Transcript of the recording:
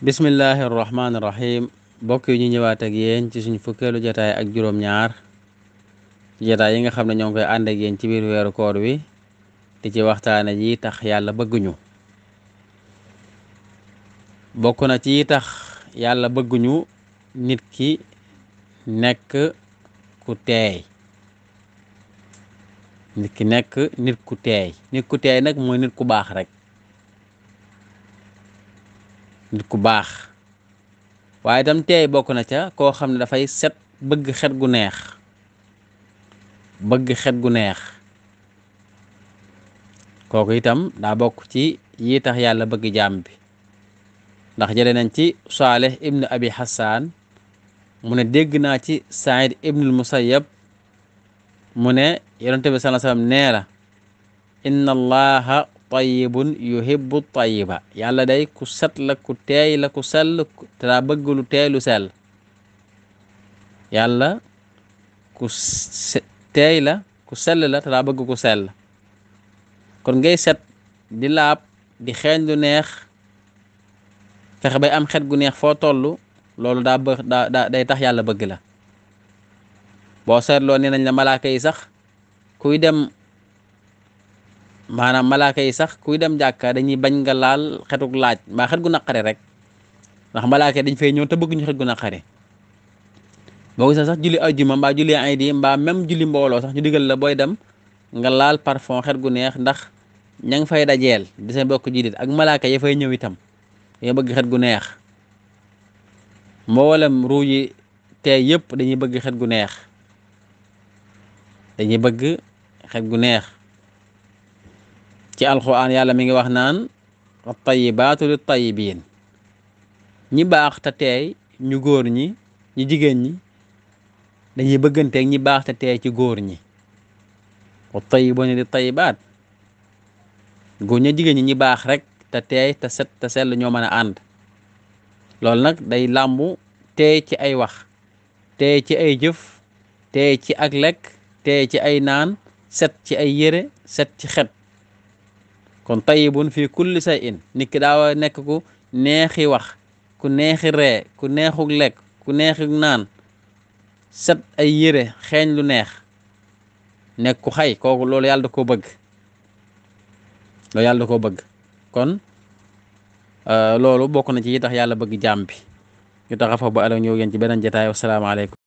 bismillahi rahmaani rahim bokk yi ñu ñëwaat ak yéen ci suñu fukkeelu jataay ak juróom-ñaar ci yi nga xam ne ñoo ngi koy ànd ak ci biir weeru koor wi di ci waxtaane yi tax yàlla bëgguñu bokk na ci tax yàlla bëgguñu nit ki nekk ku teey nit ki nekk nit ku teey nit ku teey nag mooy nit ku baax rek nit ku baax waaye tam teey bokk na ca koo xam ne dafay set bëgg xet gu neex bëgg xet gu neex kooku itam daa bokk ci yi tax yàlla bëgg jaam bi ndax jëlee nañ ci Saalih ibnu Abi Hassan mu ne dégg naa ci Saïd ibnul Musayyab mu ne yonente bi sallallahu alayhi inna allaha tayyibun yuhibbu tayyiba yalla day ku set la ku kusel, la ku sel tra beug lu teey lu sel yalla ku teey la ku sel la tra beug ku sel kon ngay set di laab di xéñ lu neex fex bay am xet gu neex fo tollu loolu da bëgg daa day tax yalla beug la set lo ni nañ la malaaka yi sax kuy dem maanaam malaaka yi sax kuy dem jàkka dañuy bañ nga laal xetuk laaj mbaa xet gu naqare rek ndax malaaka dañ fay ñëw te ñu xet gu naqare boo gisee sax julli ajjuma mbaa julli aydi mbaa même julli mbooloo sax ñu digal la booy dem nga laal parfum xet gu neex ndax ña ngi fay dajeel di seen bokk jullit ak malaaka ya fay ñëw itam dañuy bëgg xet gu neex mboolem ruu yi tey yëpp dañuy bëgg xet gu neex dañuy bëgg xet gu neex ci alquran yàlla mi ngi wax naan wa tayibaatu li tayibiin ñi baax te teey ñu góor ñi ñu jigéen ñi dañuy bëgganteeg ñi baax te teey ci góor ñi wa tayiboona li tayibaat góor ñu jigéen ñi ñi baax rek te teey te set te sell ñoo mën a ànd loolu nag day làmbu teey ci ay wax teey ci ay jëf teey ci ak lekk teey ci ay naan set ci ay yére set ci xet kon tayibun fii kulli say in nit ki daawa nekk ku neexi wax ku neexi ree ku neexuk lekk ku neexi naan set ay yére xeeñ lu neex nekk ku xay kooku loolu yàlla da koo bëgg loolu yàlla da koo bëgg kon euh, loolu bokk na ci yi tax yàlla bëgg jaam bi ñu tax a fa ba ala ñëw yéen ci beneen jotaay wasalaamaaleykum